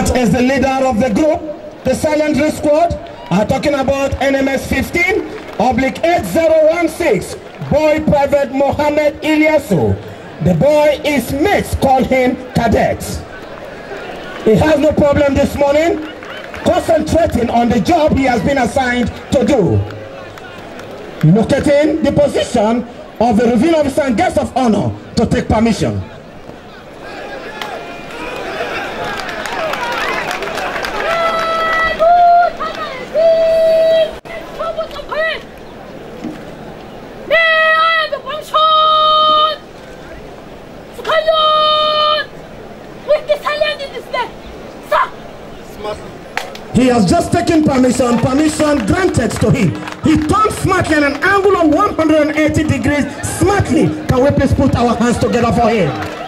As the leader of the group, the silent risk squad. are talking about NMS 15, oblique 8016, boy private Mohammed Ilyasu. The boy is mates call him cadet. He has no problem this morning concentrating on the job he has been assigned to do. Locating the position of the revealing officer and guest of honor to take permission. has just taken permission, permission granted to him. He turned smartly at an angle of 180 degrees, smartly. Can we please put our hands together for him?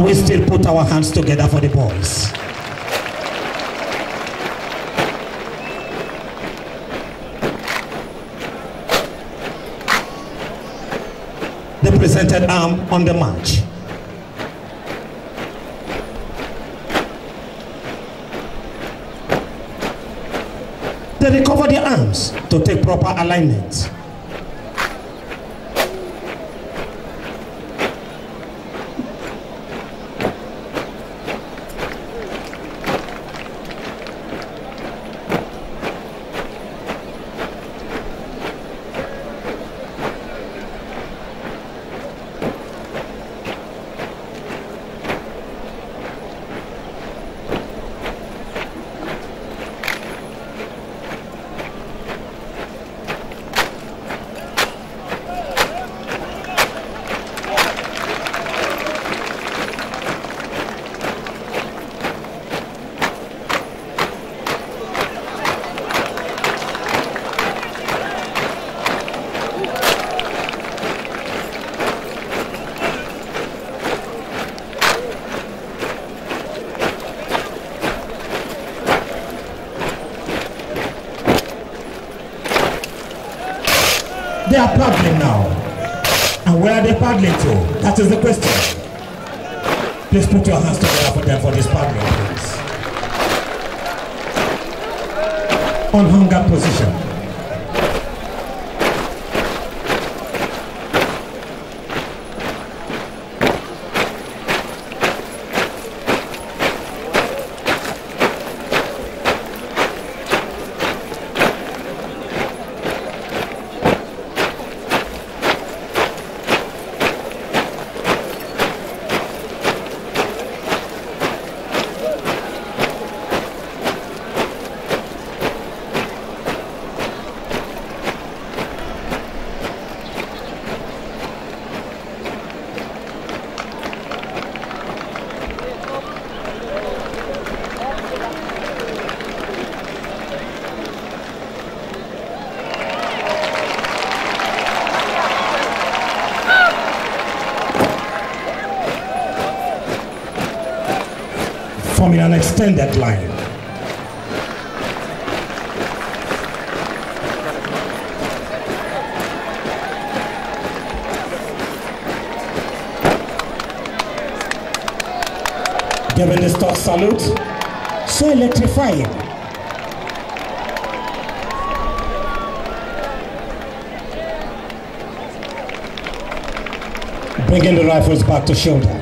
Can we still put our hands together for the boys? They presented arm on the march. They recovered their arms to take proper alignment. is the question? Please put your hands together for them for this panel, please. On hunger position. platform in an extended line. Giving the stock salute, so electrifying. Bringing the rifles back to shoulder.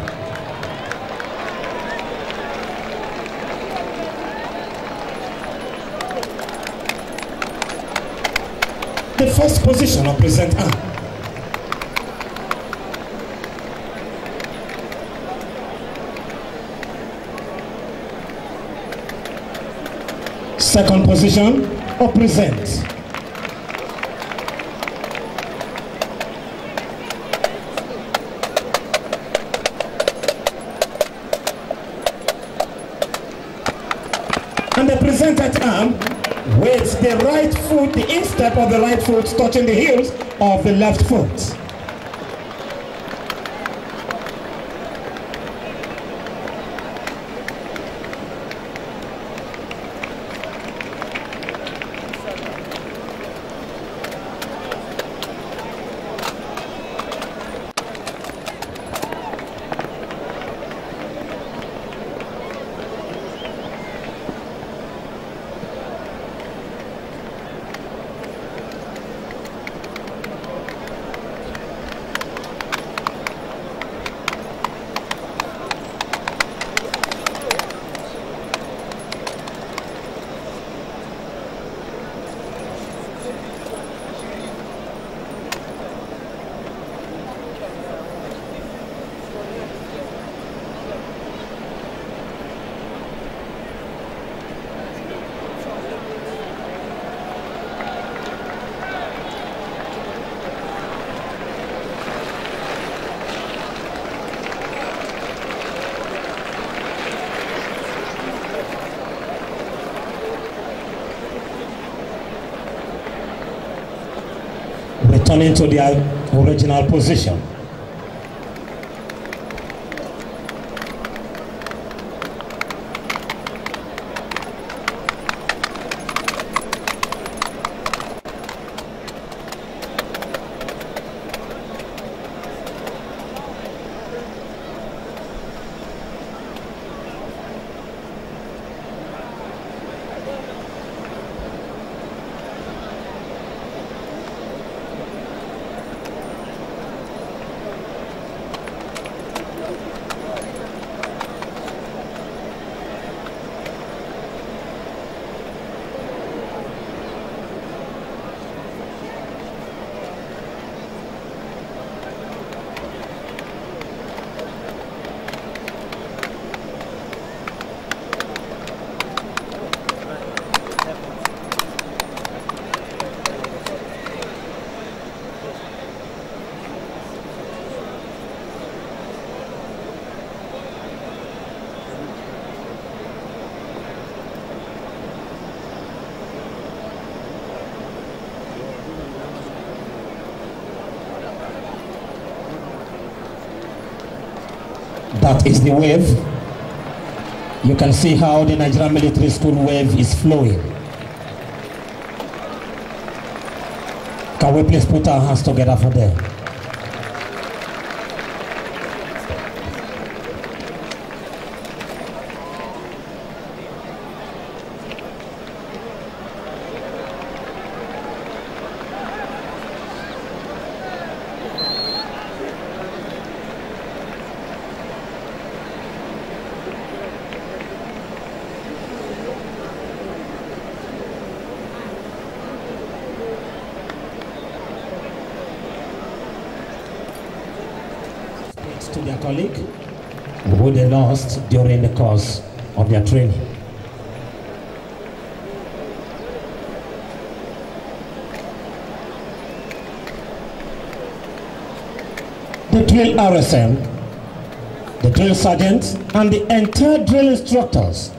the first position of President Anne. Second position, of present. the right foot, the instep of the right foot touching the heels of the left foot. returning to their original position. That is the wave. You can see how the Nigerian Military School wave is flowing. Can we please put our hands together for them? their colleague who they lost during the course of their training. The drill RSM, the drill sergeants, and the entire drill instructors